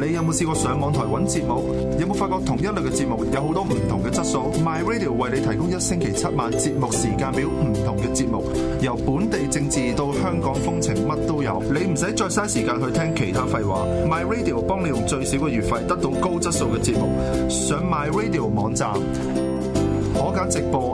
你有冇試過上網台揾節目？有冇發覺同一類嘅節目有好多唔同嘅質素？My Radio 為你提供一星期七晚節目時間表，唔同嘅節目由本地政治到香港風情乜都有，你唔使再嘥時間去聽其他廢話。My Radio 幫你用最少嘅月費得到高質素嘅節目。上 My Radio 網站可揀直播。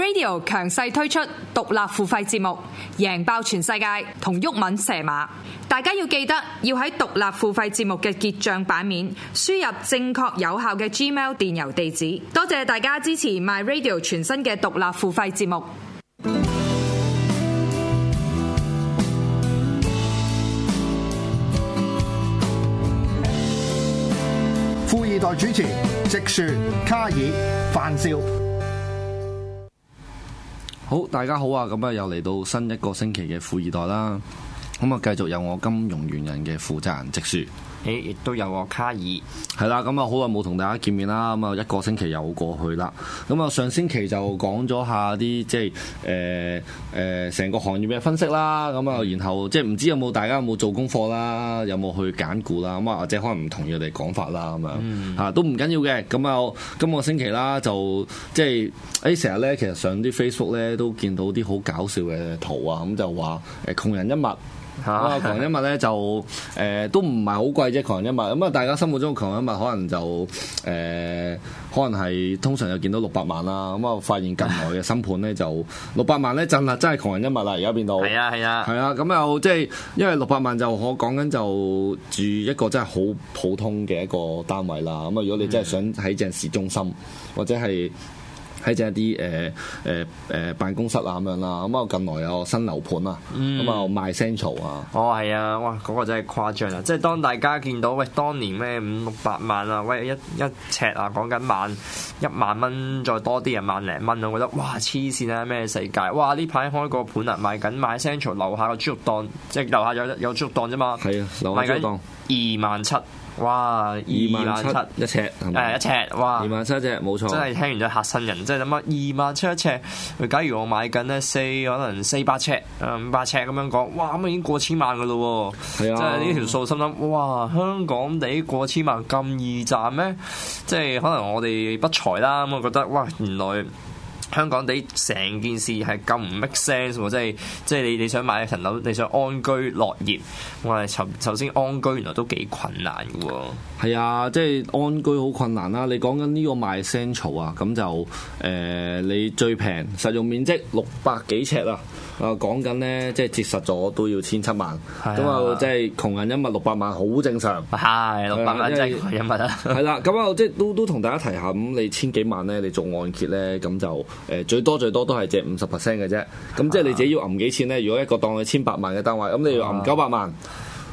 Radio 強勢推出獨立付費節目，贏爆全世界同郁敏射馬。大家要記得要喺獨立付費節目嘅結賬版面輸入正確有效嘅 Gmail 電郵地址。多謝大家支持 My Radio 全新嘅獨立付費節目。富易袋主持：直樹、卡爾、范少。好，大家好啊！咁啊，又嚟到新一個星期嘅富易袋啦。咁啊，繼續有我金融元人嘅負責人直樹。誒亦都有個卡爾係啦，咁啊、 嗯，好耐冇同大家見面啦。咁啊，一個星期又過去啦。咁啊，上星期就講咗下啲即係誒誒成個行業嘅分析啦。咁、嗯、啊，嗯、然後即係唔知有冇大家有冇做功課啦，有冇去揀股啦。咁啊，或者可能唔同意我哋講法啦，咁樣吓都唔緊要嘅。咁、嗯、啊，今個星期啦，就即係誒成日咧，其實上啲 Facebook 咧都見到啲好搞笑嘅圖啊。咁、嗯、就話誒窮人一物吓，窮人一物咧就誒都唔係好貴。呃即窮人恩物咁啊！大家心目中窮人恩物可能就誒、呃，可能係通常又見到六百萬啦。咁啊，發現近來嘅新盤咧就六百萬咧震啦，真係窮人恩物啦，而家變到係啊係啊係啊！咁又即係因為六百萬就我講緊就住一個真係好普通嘅一個單位啦。咁啊，如果你真係想喺正市中心或者係。喺一啲誒誒誒辦公室啊咁樣啦，咁啊近來有新樓盤，嗯、啊、哦，咁啊賣 Central 啊，哦係啊，哇嗰，嗰個真係誇張啊！即係當大家見到喂，當年咩五六百萬啊，喂一一尺啊，講緊萬一萬蚊再多啲啊萬零蚊，啊，我覺得哇黐線啊咩世界！哇呢排開個盤啊賣緊賣 Central 樓下個豬肉檔，即係樓下有有豬肉檔啫嘛，係啊樓下有豬肉檔二萬七。哇，二萬七一尺，誒吧一尺，哇，二萬七隻冇錯，真係聽完都嚇親人，即係諗下，二萬七一尺？佢假如我買緊咧四，可能四百尺啊五百尺咁樣講，哇咁已經過千萬噶咯喎，啊、即係呢條數心諗，哇香港地過千萬咁易賺咩？即係可能我哋不才啦，咁我覺得，哇原來～香港地成件事係咁唔 make sense 喎，即係即係你你想買一層樓，你想安居樂業，我係首先安居原來都幾困難嘅喎。係啊，即係安居好困難啦。你講緊呢個賣 central 啊，咁就誒你最平，實用面積六百幾尺啊。啊，講緊咧，即係折實咗都要千七萬，咁啊，即係窮人一物六百萬，好正常。係六百萬即係一物啦。係啦，咁啊，即係為、 啊、都都同大家提下，咁你千幾萬咧，你做按揭咧，咁就誒、呃、最多最多都係借五十 percent 嘅啫。咁、啊、即係你自己要揞幾錢咧？如果一個當你千八萬嘅單位，咁你要揞九百萬。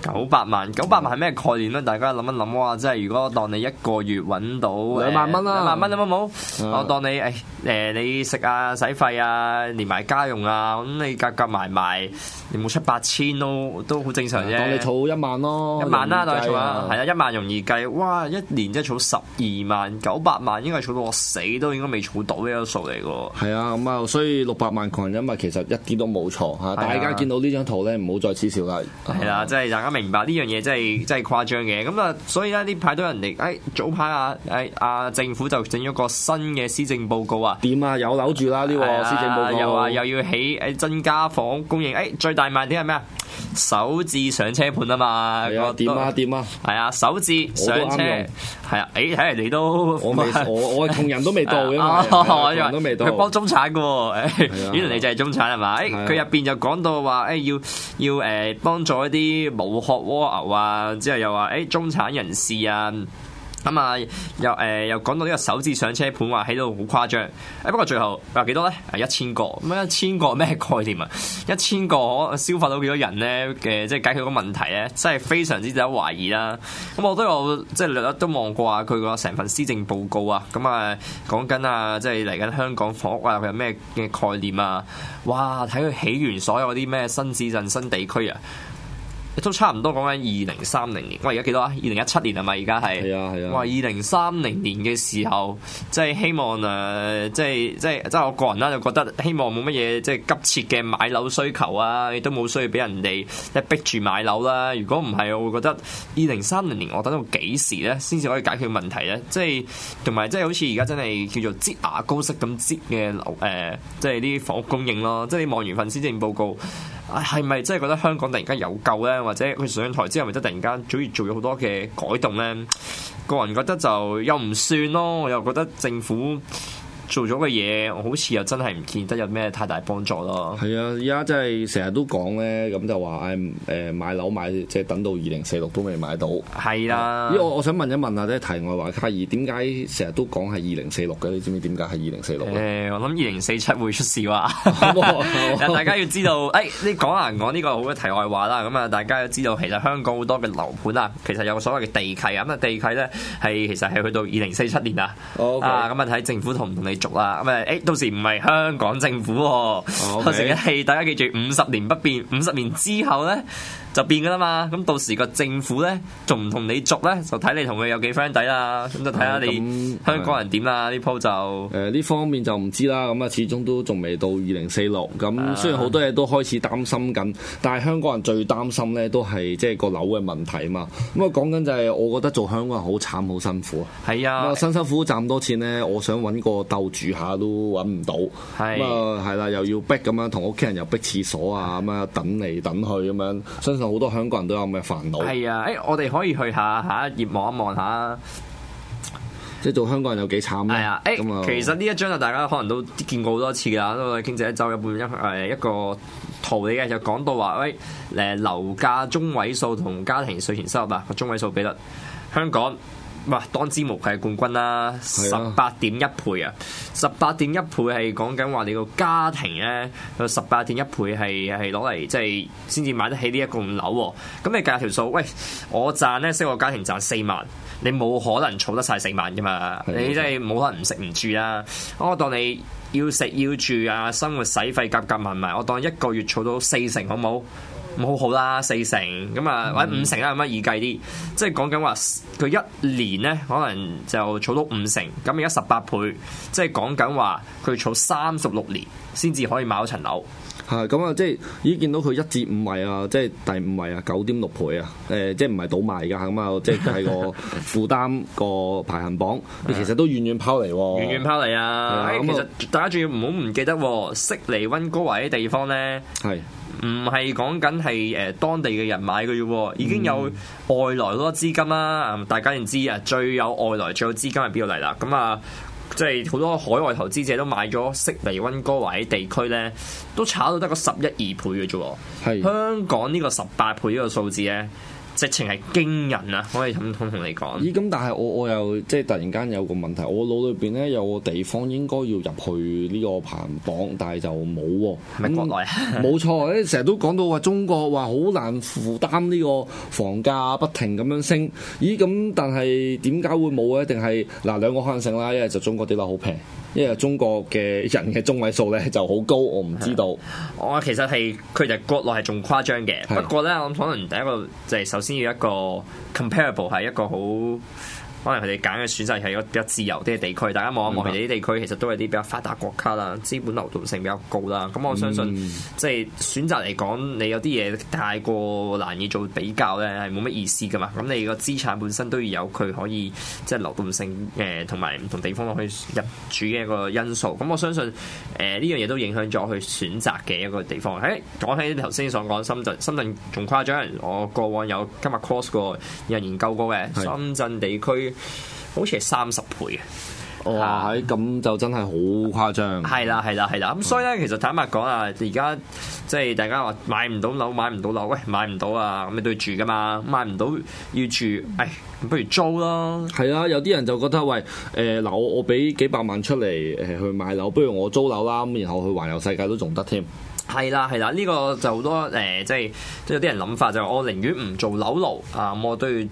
九百萬，九百萬係咩概念咧？大家諗一諗啊。即係如果當你一個月揾到兩萬蚊啦，兩萬蚊啦，冇，我當你誒誒，你食啊、使費啊、連埋家用啊，咁你夾夾埋埋，你冇七八千都都好正常啫。當你儲一萬咯，一萬啦，當你儲啦，係啊，一萬容易計，哇！一年即係儲十二萬九百萬，應該係儲到我死都應該未儲到呢個數嚟嘅喎。係啊，咁啊，所以六百萬窮人因為其實一啲都冇錯嚇，大家見到呢張圖咧，唔好再恥笑啦。係啦，即係大家。明白呢樣嘢真係真係誇張嘅，咁啊，所以咧呢排都有人嚟，誒，早排啊，誒，啊，政府就整咗個新嘅施政報告啊，點啊，有樓住啦呢個施政報告，又話又要起誒增加房供應，誒，最大賣點係咩啊？首次上車盤啊嘛，點啊點啊，係啊，首次上車，係啊，誒，睇嚟你都我我同人都未到嘅嘛，窮人都未到，佢幫中產噶喎，原嚟你就係中產，係咪？佢入邊就講到話，誒，要要誒幫助一啲冇。學蝸牛啊！之後又話誒，中產人士啊，咁啊，又誒，又講到呢個首次上車盤，話喺度好誇張。誒，不過最後話幾多咧？係一千個咁，一千個咩概念啊？一千個消化到幾多人咧？嘅即係解決個問題咧？真係非常之有懷疑啦、啊。咁我都有即係略略都望過啊，佢個整份施政報告啊，咁啊講緊啊，即係嚟緊香港房屋啊，佢有咩嘅概念啊？哇！睇佢起源所有啲咩新市鎮、新地區啊！都差唔多講緊二零三零年，哇！而家幾多啊？二零一七年係咪而家係？係啊係啊！哇！二零三零年嘅時候，即係希望誒，即係即係即係我個人啦，就覺得希望冇乜嘢，即係急切嘅買樓需求啊，亦都冇需要俾人哋即係逼住買樓啦。如果唔係，我會覺得二零三零年我等到幾時咧，先至可以解決問題咧？即係同埋即係好似而家真係叫做擠牙膏式咁擠嘅樓誒，即係啲房屋供應咯。即係望完份施政報告。係咪、哎、真係覺得香港突然間有救呢？或者佢上台之後，咪真係突然間早已做咗好多嘅改動呢？個人覺得就又唔算咯，我又覺得政府。做咗嘅嘢，我好似又真係唔見得有咩太大幫助咯。係啊，而家真係成日都講咧，咁就話誒誒買樓買，即係等到二零四六都未買到。係啦、啊，我想問一問下咧題外話，卡爾點解成日都講係二零四六嘅？你知唔知點解係二零四六咧？我諗二零四七會出事哇、哎！大家要知道，誒，你講下唔講呢個好嘅題外話啦。咁啊，大家要知道，其實香港好多嘅樓盤啊，其實有個所謂嘅地契啊。咁啊，地契咧係其實係去到二零四七年啊。O K。啊，咁啊睇政府同唔同你。續啦，咁誒，誒到時唔係香港政府，佢成個戲，大家記住五十年不變，五十年之後咧。就變㗎啦嘛，咁到時個政府咧仲唔同你續咧，就睇你同佢有幾 friend 底啦，咁就睇下你香港人點啦，呢鋪、嗯嗯、就誒呢、呃、方面就唔知啦，咁啊始終都仲未到二零四六，咁雖然好多嘢都開始擔心緊，但係香港人最擔心咧都係即係個樓嘅問題啊嘛，咁啊講緊就係我覺得做香港人好慘好辛苦啊，係啊，辛辛苦苦賺咁多錢咧，我想揾個竇住下都揾唔到，咁啊係啦、嗯嗯，又要逼咁樣同屋企人又逼廁所啊咁樣等嚟等去咁樣，相好多香港人都有咁嘅煩惱。係 啊，誒、欸，我哋可以去下下一頁望一望下，啊、下即係做香港人有幾慘咧。係啊，啊其實呢一張就大家可能都見過好多次㗎啦。都我哋傾咗一週一半一誒一個圖嚟嘅，就講到話，喂，誒樓價中位數同家庭稅前收入啊個中位數比率，香港。哇，當之無愧係冠軍啦！十八點一倍啊，十八點一倍係講緊話你個家庭咧，有十八點一倍係係攞嚟即係先至買得起呢一棟樓喎。咁你計條數，喂，我賺咧，一個家庭賺四萬，你冇可能儲得晒四萬噶嘛？你真係冇可能唔食唔住啦！我當你要食要住啊，生活使費夾夾埋埋，我當一個月儲到四成好唔好？咁好好啦，四成咁啊，或者五成啦，咁啊易計啲。即係講緊話，佢一年咧，可能就儲到五成。咁而家十八倍，即係講緊話，佢儲三十六年先至可以買到層樓。係咁啊，即係已經見到佢一至五位啊，即係第五位啊，九點六倍啊。誒，即係唔係倒賣㗎？咁啊，即係係個負擔 個排行榜，其實都遠遠拋離喎。遠遠拋離啊！咁啊，其實大家仲要唔好唔記得，悉尼、溫哥華啲地方咧。係。唔係講緊係誒當地嘅人買嘅啫喎，已經有外來多資金啦。大家認知啊，最有外來、最有資金係邊個嚟啦？咁、嗯、啊，即係好多海外投資者都買咗悉尼、溫哥華啲地區咧，都炒到得個十一二倍嘅啫喎。是的 係香港呢個十八倍呢個數字咧。直情係驚人啊！可以咁同你講。咦？咁但係我我又即係突然間有個問題，我腦裏邊咧有個地方應該要入去呢個排行榜，但係就冇喎。係咪國內冇？那 錯，咧成日都講到話中國話好難負擔呢個房價不停咁樣升。咦？咁但係點解會冇咧？定係嗱，兩個可能性啦，一係就中國啲樓好平。因為中國嘅人嘅中位數咧就好高，我唔知道。我其實係佢哋國內係仲誇張嘅，是的 不過咧，我諗可能第一個就係首先要一個 comparable 係一個好。可能佢哋揀嘅選擇係一個比較自由啲嘅地區，大家望一望佢哋啲地區，其實都係啲比較發達國家啦，資本流動性比較高啦。咁我相信，即係選擇嚟講，你有啲嘢太過難以做比較咧，係冇乜意思㗎嘛。咁你個資產本身都要有佢可以即係流動性誒，同埋唔同地方可以入主嘅一個因素。咁我相信誒呢、呃、樣嘢都影響咗佢選擇嘅一個地方。誒、欸，講起頭先所講深圳，深圳仲誇張。我過往有 come across 過，有研究過嘅是深圳地區。好似係三十倍嘅，哇、哦！喺、哎、咁就真係好誇張。係啦，係啦，係啦。咁所以咧，其實坦白講啊，而家即係大家話買唔到樓，買唔到樓，喂，買唔到啊，咁你都要住噶嘛？買唔到要住，唉、哎，不如租啦。係啦，有啲人就覺得，喂，誒，嗱，我我俾幾百萬出嚟誒去買樓，不如我租樓啦。咁然後去環遊世界都仲得添。係啦，係啦，呢個就好多誒，即係都有啲人諗法，就、 嗯、 我寧願唔做樓奴啊，我都要誒，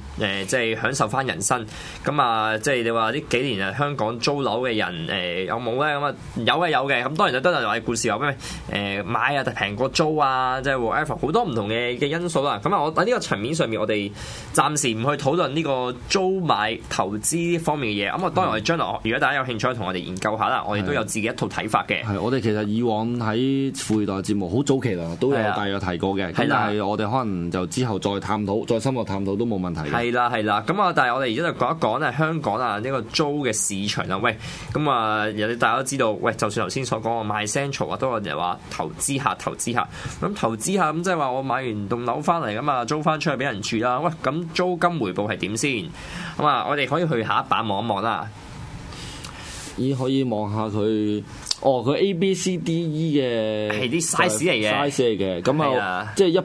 即係享受翻人生。咁啊，即係你話呢幾年啊，香港租樓嘅人誒、哎、有冇咧？咁啊有嘅有嘅，咁當然都多人話故事話咩誒買啊，平過租啊，即係 whatever 好多唔同嘅嘅因素啦。咁啊，我喺呢個層面上面，我哋暫時唔去討論呢個租買投資呢方面嘅嘢。咁啊，當然我哋將來，如果大家有興趣同我哋研究下啦，我哋都有自己一套睇法嘅。係、嗯，我哋其實以往喺富易袋節目好早期咯，都有大約提過嘅，咁的但係我哋可能就之後再探討、的再深入探討都冇問題。係啦，係啦，咁啊，但係我哋而家就講一講咧，香港啊呢個租嘅市場啦，喂，咁啊人哋大家都知道，喂，就算頭先所講我買 Central 啊，都有人話投資客、投資客。咁投資客，咁即係話我買完棟樓翻嚟咁啊租翻出去俾人住啦，喂，咁租金回報係點先？咁啊，我哋可以去下一版望一望啦，咦，可以望下佢。哦，佢 A B C D E 嘅，就是，係啲 size 嚟嘅，size 嚟嘅，咁啊，的就即係一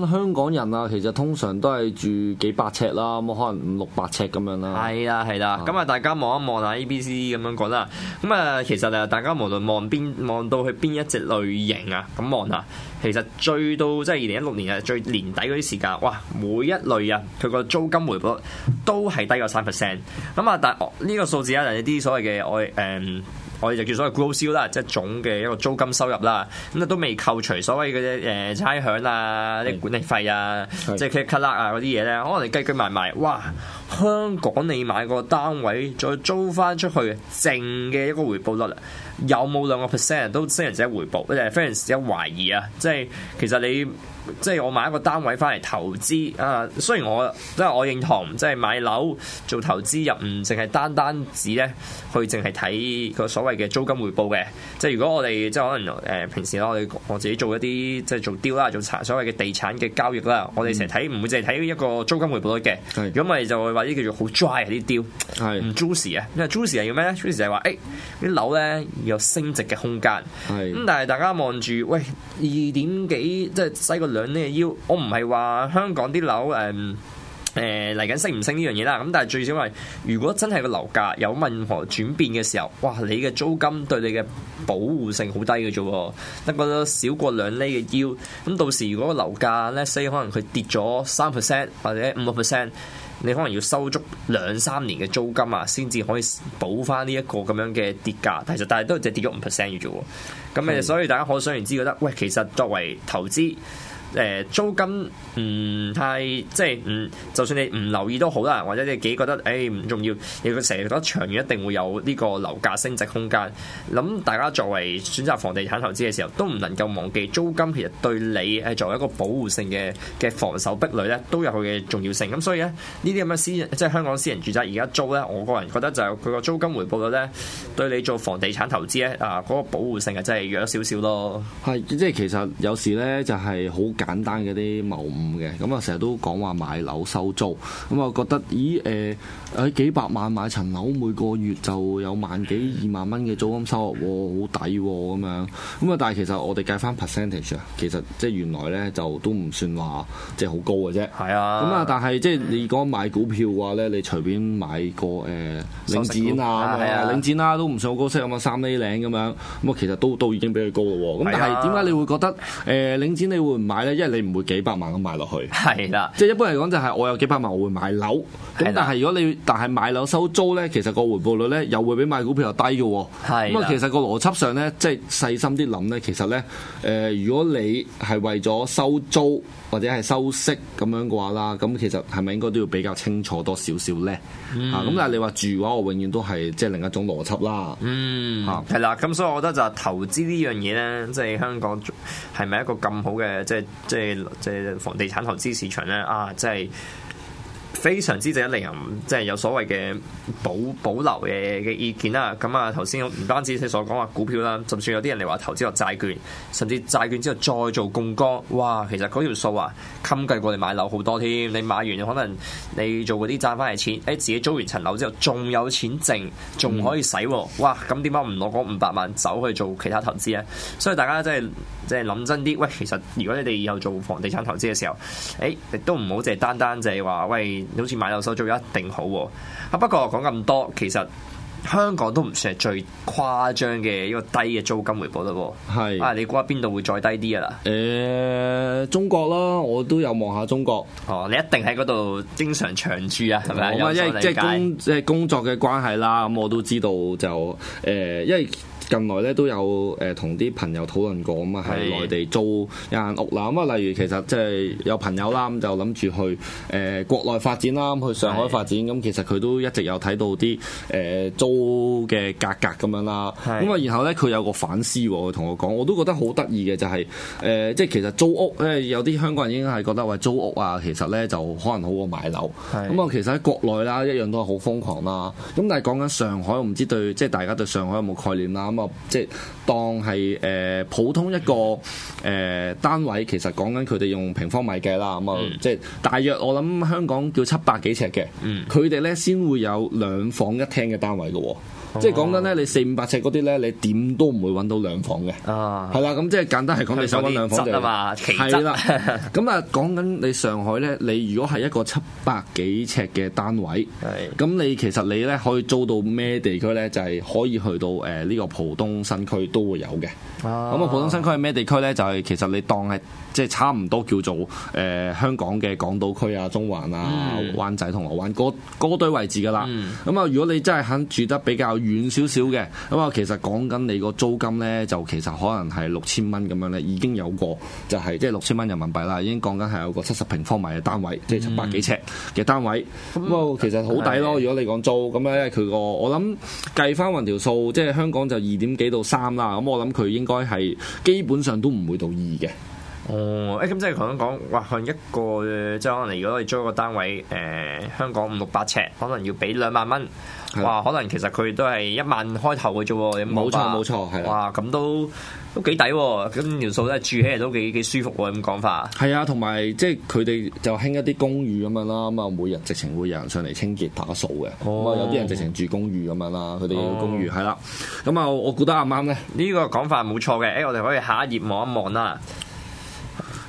般香港人啊，其實通常都係住幾百尺啦，咁可能五六百尺咁樣啦。係啊，係啦，咁啊，嗯，大家望一望下 A B C D 咁樣講啦，咁啊，其實啊，大家無論望邊，望到去邊一隻類型啊，咁望下。其實最到即係二零一六年嘅最年底嗰啲時間，哇！每一類啊，佢個租金回報都係低過三 percent。咁啊，但係呢個數字啊，人哋啲所謂嘅我誒，我哋就叫所謂 gross yield 啦，即係總嘅一個租金收入啦。咁啊，都未扣除所謂嘅誒差餉啊、啲管理費啊、即係卡 a 啊嗰啲嘢咧，可能你計計埋埋，哇！香港你買個單位再租返出去，剩嘅一個回報率，有冇兩個 percent 都非常之值得回報，我哋非常之懷疑啊！即係其實你。即係我買一個單位翻嚟投資啊！雖然我即係我認同，即係買樓做投資入唔淨係單單，單止只咧，去淨係睇個所謂嘅租金回報嘅。即係如果我哋即係可能誒、呃、平時咧，我我自己做一啲即係做雕啦、做產所謂嘅地產嘅交易啦，嗯、我哋成日睇唔會淨係睇一個租金回報率嘅。如果咪就話呢叫做好 dry 啊啲雕 是，係唔 juicy 啊？因為 juicy 係叫咩咧？juicy 就係話誒、欸、啲樓咧有升值嘅空間。係咁，但係大家望住喂二點幾，即係使個。兩厘嘅腰，我唔係話香港啲樓誒誒嚟緊升唔升呢樣嘢啦。咁但係最少係，如果真係個樓價有任何轉變嘅時候，哇！你嘅租金對你嘅保護性好低嘅啫。一個少過兩厘嘅腰，咁到時如果個樓價咧，所以可能佢跌咗三 percent 或者五個 percent，你可能要收足兩三年嘅租金啊，先至可以補翻呢一個咁樣嘅跌價。但其實但係都只跌咗五 percent 嘅啫。咁誒，所以大家可想而知，覺得喂，其實作為投資。誒租金唔太，即係唔，就算你唔留意都好啦，或者你自己覺得誒唔、欸、重要，你都成日覺得長遠一定會有呢個樓價升值空間。諗大家作為選擇房地產投資嘅時候，都唔能夠忘記租金其實對你係作為一個保護性嘅嘅防守壁壘咧，都有佢嘅重要性。咁所以咧，呢啲咁嘅私人即係香港私人住宅而家租咧，我個人覺得就係佢個租金回報率咧，對你做房地產投資咧啊嗰、那個保護性啊，真係弱咗少少咯。係，即係其實有時咧就係好。簡單嘅啲謬誤嘅，咁啊成日都講話買樓收租，咁啊覺得咦誒喺、欸、幾百萬買層樓，每個月就有萬幾二萬蚊嘅租金收入，好抵咁樣。咁啊但係其實我哋計翻 percentage 啊，其實即係原來咧就都唔算話即係好高嘅啫。係是啊，咁啊但係即係你講買股票嘅話咧，你隨便買個誒、欸、領展啊、啊啊領展啦、啊，都唔算好高息啊嘛，三厘零咁樣。咁啊其實都都已經比佢高咯喎。咁但係點解你會覺得誒領展你會唔買？咧，因為你唔會幾百萬咁買落去，係啦的，即係一般嚟講就係我有幾百萬，我會買樓。咁的但係如果你，但係買樓收租咧，其實個回報率咧又會比買股票又低嘅喎。係咁啊的，其實個邏輯上咧，即係細心啲諗咧，其實咧，誒、呃，如果你係為咗收租或者係收息咁樣嘅話啦，咁其實係咪應該都要比較清楚多少少咧？咁、嗯啊、但係你話住嘅話，我永遠都係即係另一種邏輯啦。嗯，係啦、啊，咁所以我覺得就係投資呢樣嘢咧，即係香港係咪一個咁好嘅即係？就是即係，即係房地產投資市場咧啊！即係。非常之值得一入，即係有所謂嘅保保留嘅嘅意見啦。咁啊，頭先唔單止你所講話股票啦，就算有啲人嚟話投資落債券，甚至債券之後再做槓桿，哇！其實嗰條數啊，襟計過你買樓好多添。你買完可能你做嗰啲賺翻嚟錢，誒自己租完層樓之後仲有錢剩，仲可以使喎、啊。哇！咁點解唔攞嗰五百萬走去做其他投資咧？所以大家、即係即係、真係即係諗真啲，喂，其實如果你哋以後做房地產投資嘅時候，誒、欸、亦都唔好淨係單單就係話，喂。你好似買樓收租一定好喎、啊，啊不過講咁多，其實香港都唔算係最誇張嘅一個低嘅租金回報率、啊、喎。係是、啊，啊你估下邊度會再低啲啊？啦、欸，誒中國啦，我都有望下中國。哦，你一定喺嗰度經常長住啊？係咪、嗯？是是因為即係工即係工作嘅關係啦。咁我都知道就誒、呃，因為。近來咧都有誒同啲朋友討論過啊喺內地租一間屋啦，咁啊，例如其實即係有朋友啦，咁就諗住去誒國內發展啦，去上海發展，咁其實佢都一直有睇到啲誒租嘅價格咁樣啦，咁啊，然後咧佢有個反思，佢同我講，我都覺得好得意嘅就係誒，即係其實租屋咧，有啲香港人已經係覺得話租屋啊，其實咧就可能好過買樓，咁啊，其實喺國內啦一樣都係好瘋狂啦，咁但係講緊上海，我唔知對即係大家對上海有冇概念啦。即係當係誒普通一個誒單位，其實講緊佢哋用平方米計啦。咁啊，即係大約我諗香港叫七百幾尺嘅，佢哋咧先會有兩房一廳嘅單位嘅，即係講緊咧你四五百尺嗰啲咧，你點都唔會揾到兩房嘅。啊，係啦，咁即係簡單係講你想揾兩房就嘛，係啦。咁啊，講緊你上海咧，你如果係一個七百幾尺嘅單位，咁你其實你咧可以租到咩地區咧？就係可以去到誒呢個普。浦東新區都會有嘅，咁啊，浦東新區係咩地區咧？就係、是、其實你當係即係差唔多叫做誒、呃、香港嘅港島區啊、中環啊、灣、嗯、仔同銅鑼灣嗰嗰堆位置噶啦。咁、那、啊、個，那個嗯、如果你真係肯住得比較遠少少嘅，咁啊，其實講緊你個租金咧，就其實可能係六千蚊咁樣咧，已經有個就係即係六千蚊人民幣啦，已經講緊係有個七十平方米嘅單位，嗯、即係七百幾尺嘅單位，咁啊、嗯，其實好抵咯。嗯、如果你講租咁咧，佢個我諗計翻匀條數，即、就、係、是、香港就二點幾到三啦，咁我諗佢應該係基本上都唔會到二嘅。哦、欸，誒，咁即係同你講，哇，向一個即係可能如果你租一個單位，誒、呃，香港五六百尺，可能要俾兩萬蚊，係哇，可能其實佢都係一萬開頭嘅啫。冇錯，冇錯，係，哇，咁都。都幾抵喎，咁元素都係住起嚟都幾幾舒服喎，咁講法。係啊，同埋即係佢哋就興一啲公寓咁樣啦，咁啊每日直情會有人上嚟清潔打掃嘅，咁啊、哦、有啲人直情住公寓咁樣啦，佢哋公寓係啦，咁啊、哦、我估得啱啱嘅，呢個講法冇錯嘅，誒我哋可以下一頁望一望啦。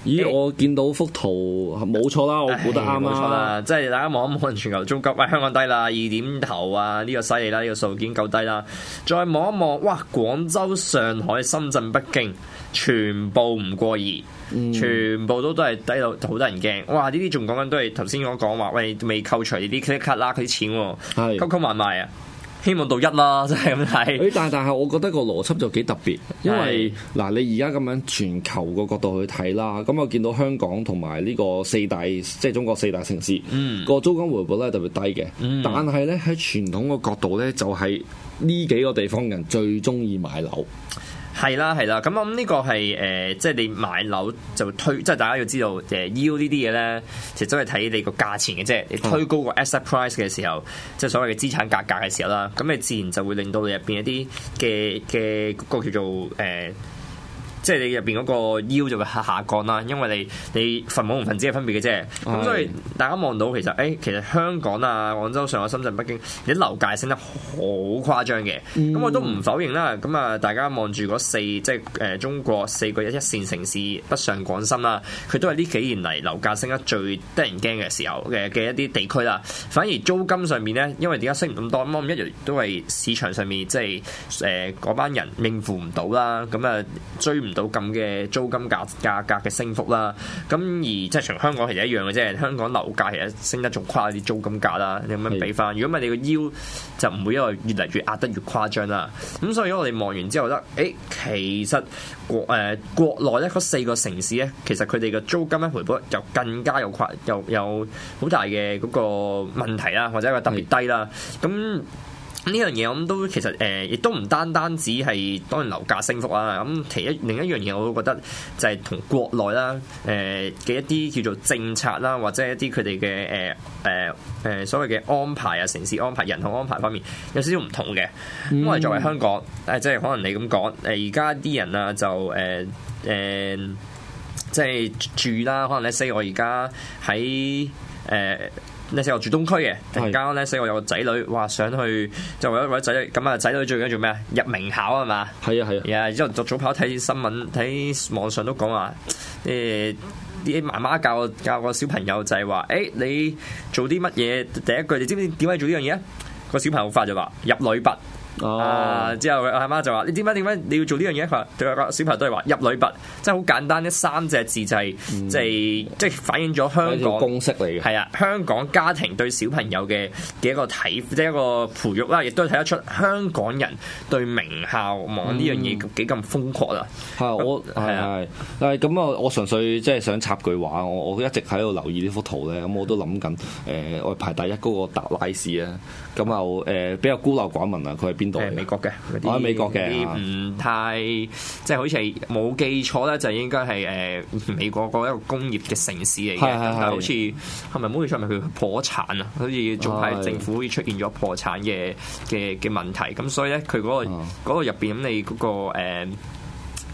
咦，我見到幅圖冇錯啦，我估得啱冇錯啦、哎、冇錯啦，即係大家望一望可能全球中級，喂，香港低啦，二點頭啊，呢、這個犀利啦，呢、這個數已經夠低啦。再望一望，哇，廣州、上海、深圳、北京，全部唔過二，全部都都係低到好得人驚。哇，呢啲仲講緊都係頭先我講話，喂，未扣除呢啲卡啦，佢啲錢喎，係，溝溝埋埋啊！希望到一啦，真係咁睇。但係但係，我覺得個邏輯就幾特別，因為嗱，是 你而家咁樣全球個角度去睇啦，咁我見到香港同埋呢個四大即係中國四大城市，個租金回報咧特別低嘅。但係呢，喺傳統個角度呢，就係呢幾個地方人最中意買樓。係啦，係啦，咁我諗呢個係誒、呃，即係你買樓就推，即係大家要知道誒，要呢啲嘢咧，其實都係睇你個價錢嘅啫。即係你推高個 asset price 嘅時候，即係所謂嘅資產價格嘅時候啦，咁你自然就會令到你入邊一啲嘅嘅個叫做誒。呃即係你入邊嗰個 yield 就會下降啦，因為你你分母同分子嘅分別嘅啫。咁、嗯、所以大家望到其實，誒、欸、其實香港啊、廣州、上海、深圳、北京，你樓價升得好誇張嘅。咁、嗯、我都唔否認啦。咁啊，大家望住嗰四即係誒中國四個一線城市，北上廣深啦，佢都係呢幾年嚟樓價升得最得人驚嘅時候嘅嘅一啲地區啦。反而租金上面呢，因為點解升唔咁多？咁一樣都係市場上面，即係誒嗰班人應付唔到啦。咁啊追唔～到咁嘅租金價價格嘅升幅啦，咁而即係從香港其實一樣嘅啫，香港樓價其實升得仲誇啲租金價啦，你咁樣比返，如果唔係你個 Yield 就唔會因為越嚟越壓得越誇張啦。咁所以我哋望完之後覺得，誒、欸、其實國誒、呃、國內咧嗰四個城市咧，其實佢哋嘅租金咧回報就更加又誇又有好大嘅嗰個問題啦，或者係特別低啦，咁。是的 呢樣嘢我都其實誒，亦都唔單單只係當然樓價升幅啊，咁其一另一樣嘢我都覺得就係同國內啦誒嘅一啲叫做政策啦，或者一啲佢哋嘅誒誒誒所謂嘅安排啊、城市安排、人口安排方面有少少唔同嘅。因為、嗯、作為香港誒，即係可能你咁講誒，而家啲人啊就誒誒，即係住啦，可能你識、呃呃就是、我而家喺誒。呃你世我住東區嘅，突然間呢世我有個仔女，哇，想去就為咗為咗仔女，咁啊仔女最緊做咩啊？入名校係嘛？係啊係啊，然之後就早排睇新聞，睇網上都講話，誒啲媽媽教教個小朋友就係話，誒、欸、你做啲乜嘢？第一句你知唔知點解做呢樣嘢啊？個小朋友快就話入女拔。啊！之後阿媽，媽就話：你點解點解你要做呢樣嘢？佢話對小朋友都係話入女拔，真係好簡單咧。三隻字制，就係，即係即係反映咗香港公式嚟嘅。係啊，香港家庭對小朋友嘅嘅一個睇即係一個培育啦，亦都睇得出香港人對名校網呢樣嘢幾咁瘋狂啊！係、嗯、 我係係，但係咁啊！我純粹即係想插句話，我我一直喺度留意呢幅圖咧。咁我都諗緊誒，呃我，排呃、我排第一嗰個達拉斯啊。咁啊，誒、呃、比較孤陋寡聞啊，佢係邊？呃誒美國嘅，我、啊、些美國嘅啲唔太即係、嗯、好似係冇記錯咧，就應該係誒美國嗰一個工業嘅城市嚟嘅。嗯、但係好似係咪冇記錯，係咪佢破產啊？好似仲係政府出現咗破產嘅嘅嘅問題，咁所以咧佢嗰個入邊咁，你嗰、嗰個、嗯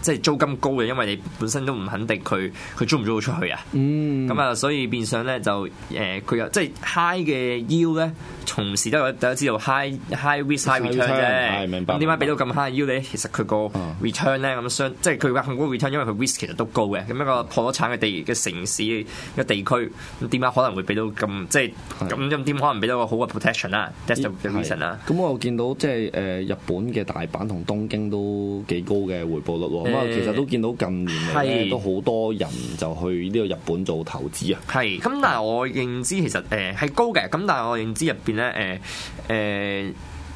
即係租金高嘅，因為你本身都唔肯定佢佢租唔租到出去啊。咁啊，所以變相咧就誒，佢有即係 high 嘅 yield 咧，從事都大家知道 high high risk high return 啫。明白。咁點解俾到咁 high yield 咧？其實佢個 return 咧咁相，即係佢嘅控股 return，因為佢 risk 其實都高嘅。咁一個破產嘅地嘅城市嘅地區，咁點解可能會俾到咁即係咁咁點可能俾到個好嘅 protection 啦？That's the reason 啦。咁我又見到即係誒日本嘅大阪同東京都幾高嘅回報率喎。其實都見到近年咧是都好多人就去呢個日本做投資啊。係，咁但係我認知其實誒係高嘅，咁但係我認知入邊咧誒誒。呃呃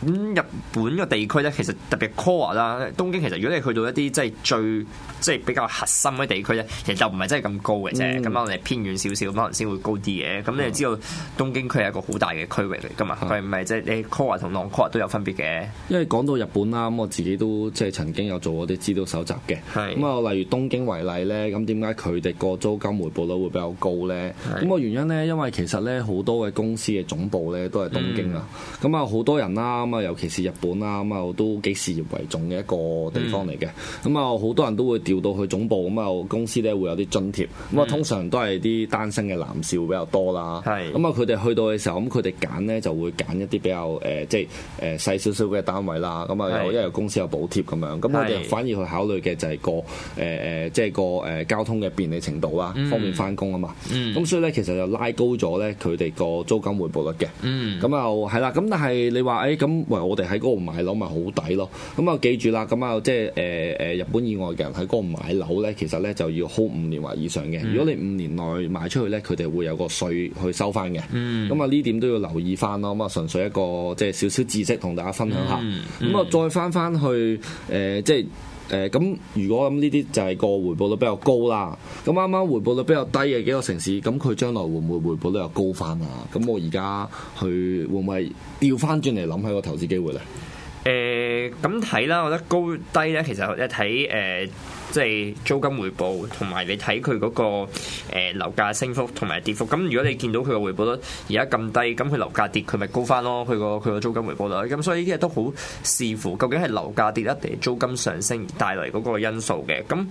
咁、嗯、日本個地區咧，其實特別 core 啦，東京其實如果你去到一啲即係最即係比較核心嘅地區咧，其實就唔係真係咁高嘅啫。咁可能偏遠少少，可能先會高啲嘅。咁你又知道東京區係一個好大嘅區域嚟噶嘛？佢唔係、嗯、即係你 core 同 non core 都有分別嘅。因為講到日本啦，咁我自己都即係曾經有做過啲資料搜集嘅。咁啊是，例如東京為例咧，咁點解佢哋個租金回報率會比較高咧？咁是個原因咧，因為其實咧好多嘅公司嘅總部咧都係東京、嗯、啊。咁啊，好多人啦。咁啊，尤其是日本啦，咁啊都幾事業為重嘅一個地方嚟嘅。咁啊，好多人都會調到去總部，咁啊公司咧會有啲津貼。咁啊，通常都係啲單身嘅男士會比較多啦。係。咁啊，佢哋去到嘅時候，咁佢哋揀咧就會揀一啲比較誒、呃，即係誒、呃、細少少嘅單位啦。咁啊，又因為公司有補貼咁樣，咁佢哋反而去考慮嘅就係個誒誒，即、呃、係、就是、個誒交通嘅便利程度啦，方便返工啊嘛。咁係。所以咧，其實就拉高咗咧佢哋個租金回報率嘅。咁又係啦。咁但係你話誒咁。喂，我哋喺嗰度買樓咪好抵咯，咁啊記住啦，咁啊即係誒誒日本以外嘅人喺嗰度買樓咧，其實咧就要 hold 五年或以上嘅。如果你五年內賣出去咧，佢哋會有個稅去收翻嘅。咁啊呢點都要留意翻咯。咁啊純粹一個即係少少知識同大家分享下。咁啊、嗯嗯、再翻翻去誒即係。呃就是誒咁，如果咁呢啲就係個回報率比較高啦。咁啱啱回報率比較低嘅幾個城市，咁佢將來會唔會回報率又高翻啊？咁我而家去會唔會調翻轉嚟諗起個投資機會咧？誒、呃，咁睇啦，我覺得高低咧，其實一睇誒。呃 即係租金回報，同埋你睇佢嗰個誒、呃、樓價升幅同埋跌幅。咁如果你見到佢嘅回報率而家咁低，咁佢樓價跌，佢咪高翻咯？佢個佢個租金回報率。咁所以呢啲嘢都好視乎究竟係樓價跌咧定係租金上升而帶嚟嗰個因素嘅。咁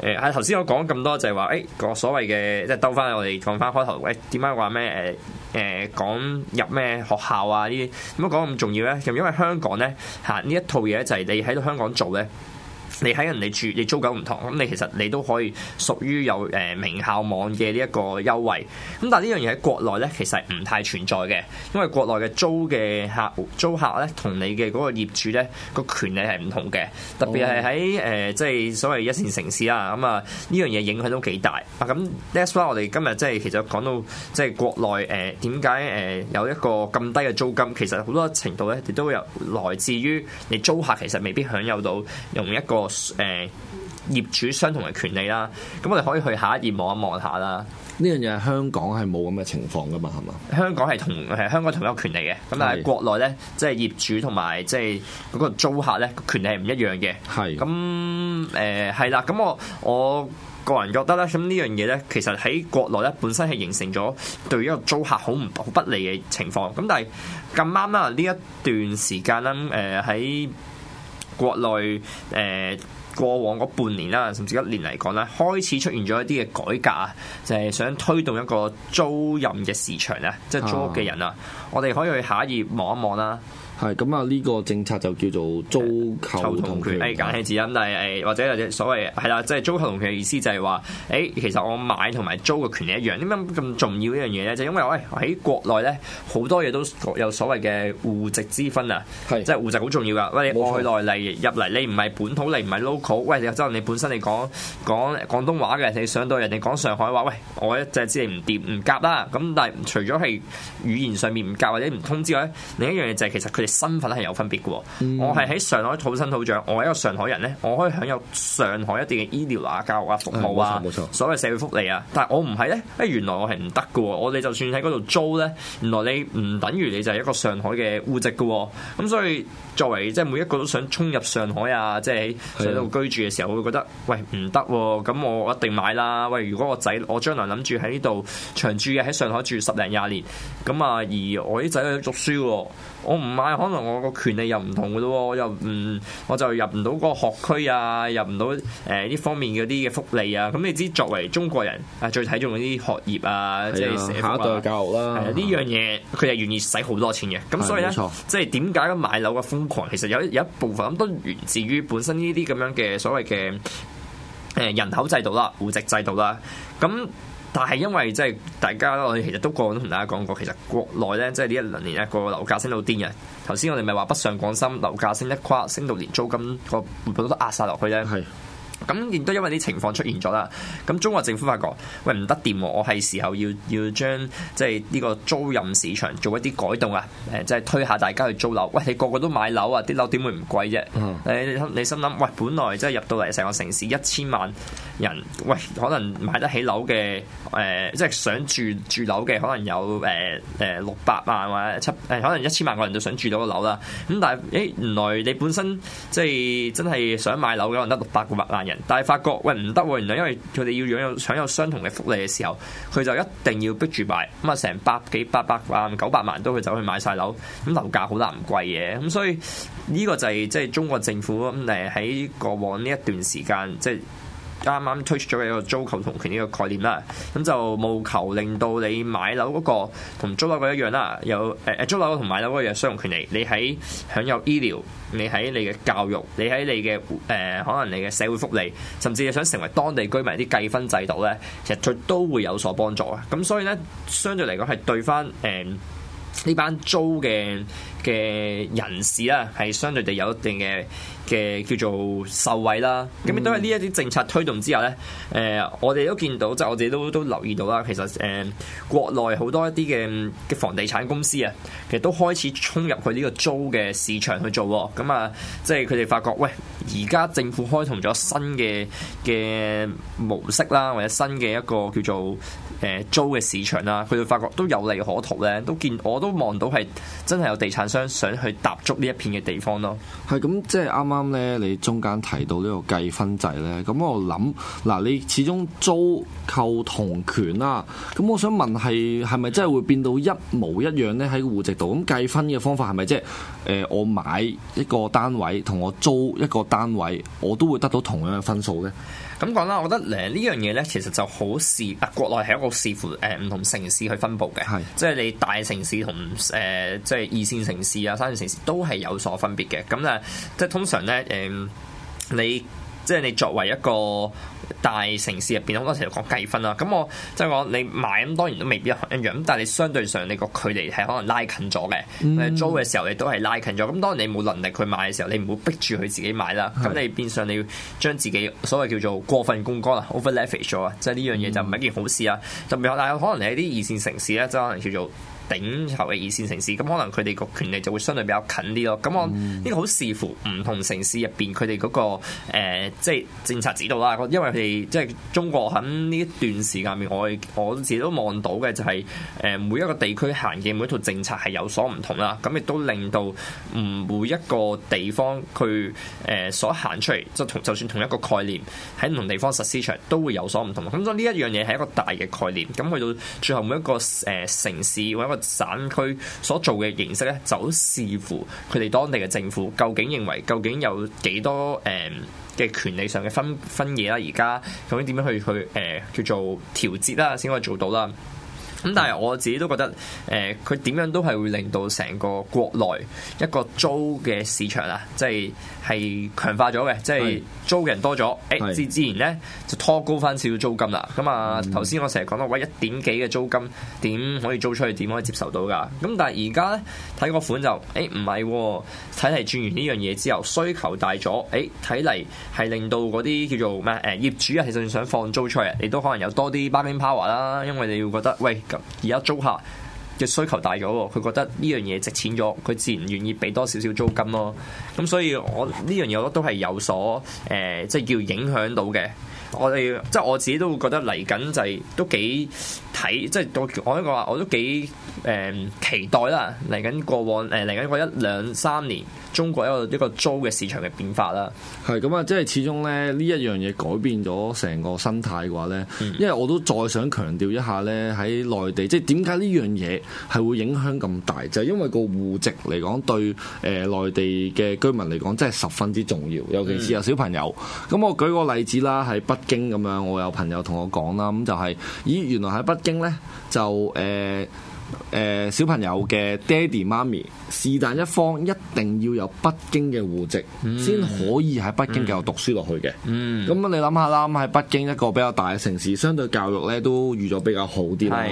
誒喺頭先我講咗咁多就係、是、話，誒、哎、個所謂嘅即係兜翻我哋講翻開頭，誒點解話咩誒誒講入咩學校啊？呢啲點解講咁重要咧？咁因為香港咧嚇呢一套嘢就係你喺度香港做咧。你喺人哋住，你租緊唔同，咁你其實你都可以屬於有誒名校網嘅呢一個優惠。咁但係呢樣嘢喺國內咧，其實唔太存在嘅，因為國內嘅租嘅客租客咧，同你嘅嗰個業主咧個權利係唔同嘅。特別係喺誒即係所謂一線城市啊，咁啊呢樣嘢影響都幾大。啊咁，last one 我哋今日即係其實講到即係國內誒點解誒有一個咁低嘅租金，其實好多程度咧亦都有來自於你租客其實未必享有到用一個。誒業主相同嘅權利啦，咁我哋可以去下一頁望一望下啦。呢樣嘢係香港係冇咁嘅情況噶嘛，係嘛？香港係同誒香港同一個權利嘅，咁是的 但係國內咧，即係業主同埋即係嗰個租客咧，權利係唔一樣嘅。係是的。咁誒係啦，咁我我個人覺得咧，咁呢樣嘢咧，其實喺國內咧本身係形成咗對一個租客好唔好不利嘅情況。咁但係咁啱啦，呢一段時間啦，誒喺。國內誒、呃、過往嗰半年啦，甚至一年嚟講咧，開始出現咗一啲嘅改革啊，就係、是、想推動一個租賃嘅市場咧，啊、即係租屋嘅人啊，我哋可以去下一頁望一望啦。係咁啊！呢、嗯、個政策就叫做租購同權，誒、嗯、簡稱字音，但係誒、哎、或者所謂係啦，即、就、係、是、租購同權嘅意思就係話，誒、欸、其實我買同埋租嘅權利一樣。點解咁重要呢樣嘢咧？就是、因為喂喺國內咧，好多嘢都有所謂嘅戶籍之分啊，是即係戶籍好重要㗎。哇喂，你外來嚟入嚟，你唔係本土，你唔係 local。喂，又之後你本身你講講廣東話嘅，你想到人哋講上海話，喂，我一隻字唔掂唔夾啦。咁但係除咗係語言上面唔夾或者唔通之外，另一樣嘢就係其實佢哋，身份係有分別嘅，我係喺上海土生土長，我係一個上海人咧，我可以享有上海一定嘅醫療啊、教育啊、服務啊、冇錯，所謂社會福利啊。但係我唔係咧，哎，原來我係唔得嘅。我哋就算喺嗰度租咧，原來你唔等於你就係一個上海嘅戶籍嘅。咁所以作為即係每一個都想衝入上海啊，即係喺呢度居住嘅時候，我會覺得喂唔得，咁我一定買啦。喂，如果我仔我將來諗住喺呢度長住嘅，喺上海住十零廿年，咁啊，而我啲仔喺度讀書，我唔買。可能我個權利又唔同嘅咯，又唔我就入唔到個學區啊，入唔到誒呢方面嗰啲嘅福利啊。咁你知作為中國人啊，最睇重嗰啲學業啊，啊即係、啊、下一代教育啦。係呢樣嘢佢係願意使好多錢嘅。咁、啊、所以咧，沒錯 即係點解買樓嘅瘋狂，其實有有一部分都源自於本身呢啲咁樣嘅所謂嘅誒人口制度啦，戶籍制度啦，咁。但係因為即係大家，我哋其實都個個都同大家講過，其實國內咧即係呢一兩年咧個樓價升到癲嘅。頭先我哋咪話北上廣深樓價升得誇，升到連租金個撥盤都壓晒落去咧。咁亦都因為啲情況出現咗啦，咁中國政府發覺喂，唔得掂喎，我係時候要要將即係呢個租賃市場做一啲改動啊，即係推下大家去租樓。喂，你個個都買樓啊，啲樓點會唔貴啫、嗯？你心你諗，喂，本來即係入到嚟成個城市一千萬人，喂，可能買得起樓嘅。誒、呃，即係想住住樓嘅，可能有誒誒、呃呃、六百萬或七誒，可能一千萬個人就想住到個樓啦。咁但係，誒原來你本身即係真係想買樓嘅，可能得六百,百萬人，但係發覺喂唔得喎，原來因為佢哋要擁有享有相同嘅福利嘅時候，佢就一定要逼住買咁啊，成、嗯、百幾八百萬九百萬都去走去買晒樓，咁樓價好難唔貴嘅，咁、嗯、所以呢、呢個就係、是、即係中國政府咁誒喺過往呢一段時間即係。啱啱推出咗一個租購同權呢個概念啦，咁就務求令到你買樓嗰個同租樓嗰一樣啦，有誒租樓同買樓嗰一樣相同權利，你喺享有醫療，你喺你嘅教育，你喺你嘅誒、呃、可能你嘅社會福利，甚至係想成為當地居民啲計分制度咧，其實佢都會有所幫助嘅，咁所以咧相對嚟講係對翻誒。呃呢班租嘅嘅人士啦，係相對地有一定嘅嘅叫做受惠啦。咁亦都係呢一啲政策推動之下咧，誒我哋都見到，即係我哋都都留意到啦。其實誒國內好多一啲嘅嘅房地產公司啊，其實都開始衝入去呢個租嘅市場去做喎。咁啊，即係佢哋發覺，喂而家政府開通咗新嘅嘅模式啦，或者新嘅一個叫做，租嘅市場啦，佢哋發覺都有利可圖呢，都見我都望到係真係有地產商想去踏足呢一片嘅地方咯。係咁、嗯，即係啱啱呢，你中間提到呢個計分制呢。咁、嗯、我諗嗱，你始終租購同權啦、啊，咁、嗯、我想問係係咪真係會變到一模一樣呢？喺戶籍度咁、那個、計分嘅方法係咪即係我買一個單位同我租一個單位，我都會得到同樣嘅分數呢？咁講啦，我覺得咧呢樣嘢咧，其實就好似啊，國內係一個視乎誒、呃、唔同城市去分佈嘅，是的 即係你大城市同誒、呃、即係二線城市啊、三線城市都係有所分別嘅。咁啊，即係通常咧誒、呃、你。即係你作為一個大城市入邊，好多時候講計分啦。咁我即係講你買咁當然都未必一樣。咁但係你相對上你個距離係可能拉近咗嘅，嗯、你租嘅時候你都係拉近咗。咁當然你冇能力去買嘅時候，你唔好逼住佢自己買啦。咁你變相你要將自己所謂叫做過分槓桿啊，over leverage 咗啊，即係呢樣嘢就唔係一件好事啊。特別係可能你喺啲二線城市咧，即係可能叫做。頂頭嘅二線城市，咁可能佢哋個權力就會相對比較近啲咯。咁我呢、呢個好視乎唔同城市入邊佢哋嗰個、呃、即係政策指導啦。因為佢哋即係中國喺呢一段時間面，我我自己都望到嘅就係、是、誒、呃、每一個地區行嘅每一套政策係有所唔同啦。咁亦都令到唔每一個地方佢誒、呃、所行出嚟，即同就算同一個概念喺唔同地方實施出嚟都會有所唔同。咁所以呢一樣嘢係一個大嘅概念。咁去到最後每一個誒、呃、城市或一個。省區所做嘅形式咧，就好視乎佢哋當地嘅政府究竟認為究竟、呃啊，究竟有幾多誒嘅權利上嘅分分野啦。而家究竟點樣去去誒叫做調節啦、啊，先可以做到啦、啊。咁但係我自己都覺得，誒佢點樣都係會令到成個國內一個租嘅市場啊，即係係強化咗嘅，即係租嘅人多咗，誒之是 自然咧就拖高翻少少租金啦。咁啊頭先我成日講到話一點幾嘅租金點可以租出去，點可以接受到噶？咁但係而家咧睇個款就，誒唔係，睇嚟轉完呢樣嘢之後需求大咗，誒睇嚟係令到嗰啲叫做咩誒、呃、業主啊，其實想放租出去，啊，你都可能有多啲 bargaining power 啦，因為你會覺得，喂。而家租客嘅需求大咗，佢覺得呢樣嘢值錢咗，佢自然願意俾多少少租金咯。咁所以我，我呢樣嘢我都係有所誒、呃，即係叫影響到嘅。我哋即係我自己都會覺得嚟緊就係都幾睇，即係我我應該話，我都幾誒、嗯、期待啦。嚟緊過往誒嚟緊個一兩三年中國一個一個租嘅市場嘅變化啦。係咁啊，即係始終咧呢一樣嘢改變咗成個生態嘅話咧，因為我都再想強調一下咧喺內地，即係點解呢樣嘢係會影響咁大，就係、是、因為個戶籍嚟講對誒內、呃、地嘅居民嚟講真係十分之重要，尤其是有小朋友。咁、嗯、我舉個例子啦，喺北。北京咁樣，我有朋友同我講啦，咁就係、是、咦，原來喺北京咧就誒。呃誒、呃、小朋友嘅爹地媽咪是但一方，一定要有北京嘅戶籍，先可以喺北京繼續讀書落去嘅、嗯。咁、嗯、你諗下啦，喺北京一個比較大嘅城市，相對教育咧都預咗比較好啲啦。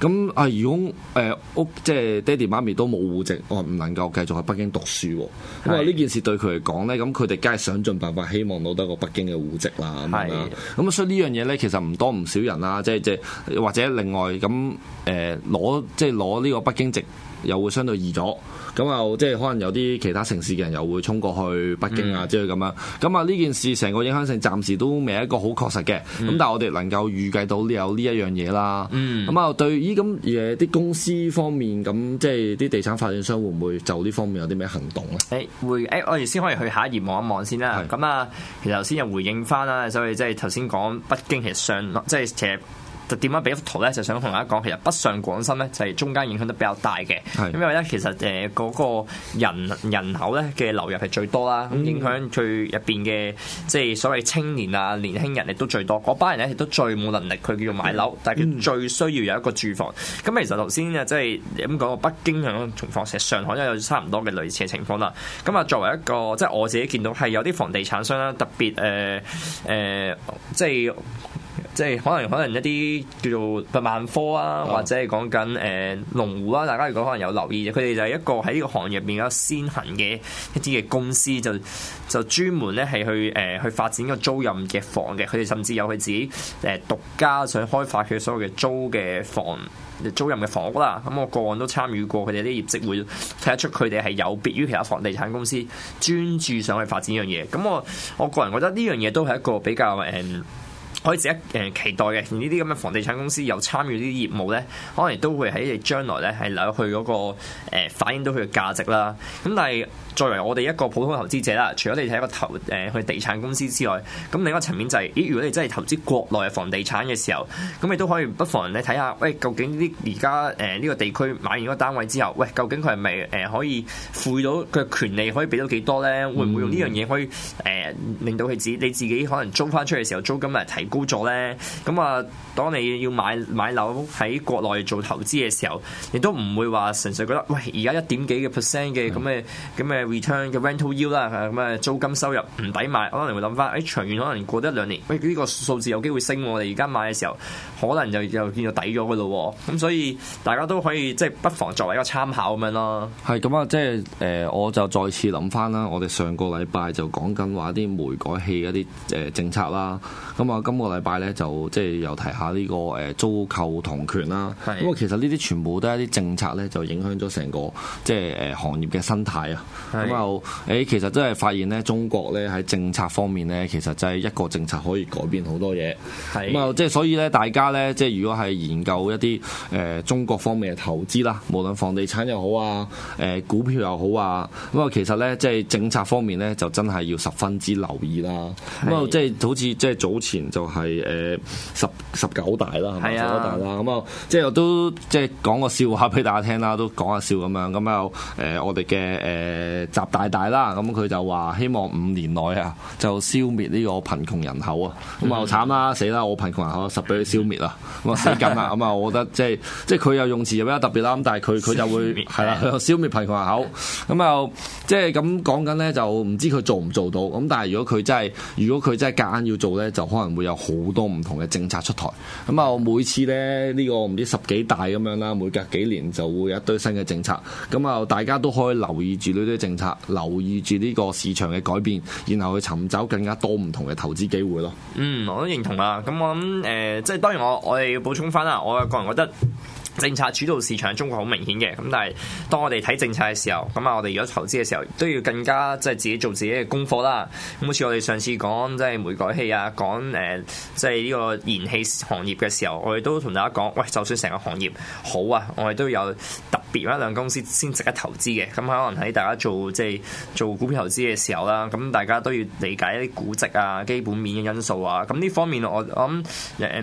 咁啊，如果誒、呃、屋即係爹地媽咪都冇戶籍，我唔能夠繼續喺北京讀書喎。咁啊，呢件事對佢嚟講咧，咁佢哋梗係想盡辦法，希望攞到個北京嘅戶籍啦是。咁咁所以呢樣嘢咧，其實唔多唔少人啦，即係即係或者另外咁誒攞。即係攞呢個北京籍又會相對易咗，咁又即係可能有啲其他城市嘅人又會衝過去北京啊之類咁、嗯、樣。咁啊呢件事成個影響性暫時都未一個好確實嘅，咁、嗯、但係我哋能夠預計到呢有呢一樣嘢啦。咁啊、嗯、對於咁嘢啲公司方面咁，即係啲地產發展商會唔會就呢方面有啲咩行動咧？誒、欸、會誒、欸，我哋先可以去下一頁望一望先啦。咁啊是，其實頭先又回應翻啦，所以即係頭先講北京、就是、其實上即係其實。就點樣俾幅圖咧？就想同大家講，其實北上廣深咧就係中間影響都比較大嘅，是因為咧其實誒嗰個人人口咧嘅流入係最多啦，咁、嗯、影響佢入邊嘅即係所謂青年啊、年輕人亦都最多，嗰班人咧亦都最冇能力佢叫做買樓，但係佢最需要有一個住房。咁、嗯、其實頭先啊，即係咁講北京樣嘅情況，其實上海都有差唔多嘅類似嘅情況啦。咁啊，作為一個即係我自己見到係有啲房地產商啦，特別誒誒、呃呃呃、即係。即係可能可能一啲叫做唔萬科啊，或者係講緊誒龍湖啊，大家如果可能有留意嘅，佢哋就係一個喺呢個行業入面有先行嘅一啲嘅公司，就就專門咧係去誒去發展個租賃嘅房嘅。佢哋甚至有佢自己誒獨家想開發佢所有嘅租嘅房、租賃嘅房屋啦。咁、嗯、我個案都參與過佢哋啲業績，會睇得出佢哋係有別於其他房地產公司專注上去發展一樣嘢。咁、嗯、我我個人覺得呢樣嘢都係一個比較誒。嗯可以自己誒期待嘅，而呢啲咁嘅房地產公司有參與呢啲業務咧，可能都會喺你將來咧係留去佢、那、嗰個、呃、反映到佢嘅價值啦。咁但係作為我哋一個普通投資者啦，除咗你睇一個投誒去、呃、地產公司之外，咁另一個層面就係、是、咦？如果你真係投資國內嘅房地產嘅時候，咁你都可以不妨你睇下，喂，究竟呢而家誒呢個地區買完個單位之後，喂，究竟佢係咪誒可以賦到佢嘅權利可以俾到幾多咧？嗯、會唔會用呢樣嘢可以誒、呃、令到佢自你自己可能租翻出去嘅時候租金咪提？高咗咧，咁啊，當你要買買樓喺國內做投資嘅時候，你都唔會話純粹覺得，喂，而家一點幾嘅 percent 嘅咁嘅咁嘅 return 嘅 rental yield 啦，咁啊租金收入唔抵買，可能會諗翻，誒、欸，長遠可能過一兩年，喂、欸，呢個數字有機會升，我哋而家買嘅時候，可能就就變咗抵咗嘅咯喎，咁、嗯、所以大家都可以即係不妨作為一個參考咁樣咯。係咁啊，即係誒、呃，我就再次諗翻啦，我哋上個禮拜就講緊話啲煤改氣一啲誒政策啦，咁、嗯、啊、嗯、今個禮拜咧就即係又提下呢個誒租購同權啦，咁啊是的 其實呢啲全部都係一啲政策咧，就影響咗成個即係誒行業嘅生態啊。咁啊誒其實真係發現咧，中國咧喺政策方面咧，其實就係一個政策可以改變好多嘢。咁啊即係所以咧，大家咧即係如果係研究一啲誒中國方面嘅投資啦，無論房地產又好啊，誒股票又好啊，咁啊其實咧即係政策方面咧就真係要十分之留意啦。咁啊即係好似即係早前就是。係誒、呃、十十九大啦，係啊，十九大啦，咁啊，即係、嗯嗯嗯、我都即係講個笑話俾大家聽啦，都講下笑咁樣。咁啊誒，我哋嘅誒習大大啦，咁、嗯、佢就話希望五年內啊，就消滅呢個貧窮人口啊。咁啊、嗯嗯、慘啦，死啦！我貧窮人口實俾佢消滅啦，咁啊死緊啦。咁啊，我覺得即係即係佢有用詞又比較特別啦。咁但係佢佢就會係啦，佢就消滅貧窮人口。咁啊，即係咁講緊咧，就唔知佢做唔做到。咁但係如果佢真係，如果佢真係夾硬要做咧，就可能會有。好多唔同嘅政策出台，咁啊每次咧呢、這個唔知十幾大咁樣啦，每隔幾年就會有一堆新嘅政策，咁啊大家都可以留意住呢啲政策，留意住呢個市場嘅改變，然後去尋找更加多唔同嘅投資機會咯。嗯，我都認同啦。咁我諗誒、呃，即係當然我我哋要補充翻啦，我個人覺得。政策主導市場喺中國好明顯嘅，咁但係當我哋睇政策嘅時候，咁啊我哋如果投資嘅時候都要更加即係自己做自己嘅功課啦。咁好似我哋上次講即係煤改氣啊，講誒即係呢個燃氣行業嘅時候，我哋都同大家講，喂就算成個行業好啊，我哋都有特別一、啊、兩公司先值得投資嘅。咁可能喺大家做即係、就是、做股票投資嘅時候啦，咁大家都要理解一啲估值啊、基本面嘅因素啊。咁呢方面我諗誒。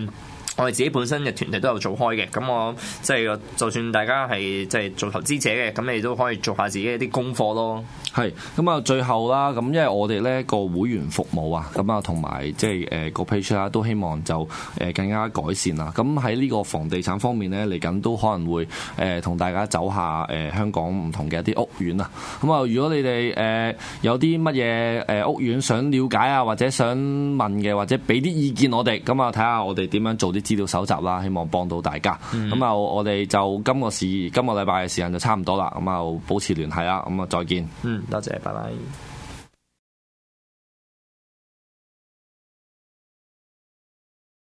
我我哋自己本身嘅團隊都有做開嘅，咁我即係就算大家係即係做投資者嘅，咁你都可以做下自己一啲功課咯。係咁啊，最後啦，咁因為我哋呢個會員服務啊，咁啊同埋即係誒個 page 啦，都希望就誒更加改善啦。咁喺呢個房地產方面咧，嚟緊都可能會誒同大家走下誒香港唔同嘅一啲屋苑啊。咁啊，如果你哋誒有啲乜嘢誒屋苑想了解啊，或者想問嘅，或者俾啲意見我哋，咁啊睇下我哋點樣做啲。資料蒐集啦，希望幫到大家。咁啊、嗯，我我哋就今個時，今個禮拜嘅時間就差唔多啦。咁啊，保持聯繫啦。咁啊，再見。嗯，多謝，拜拜。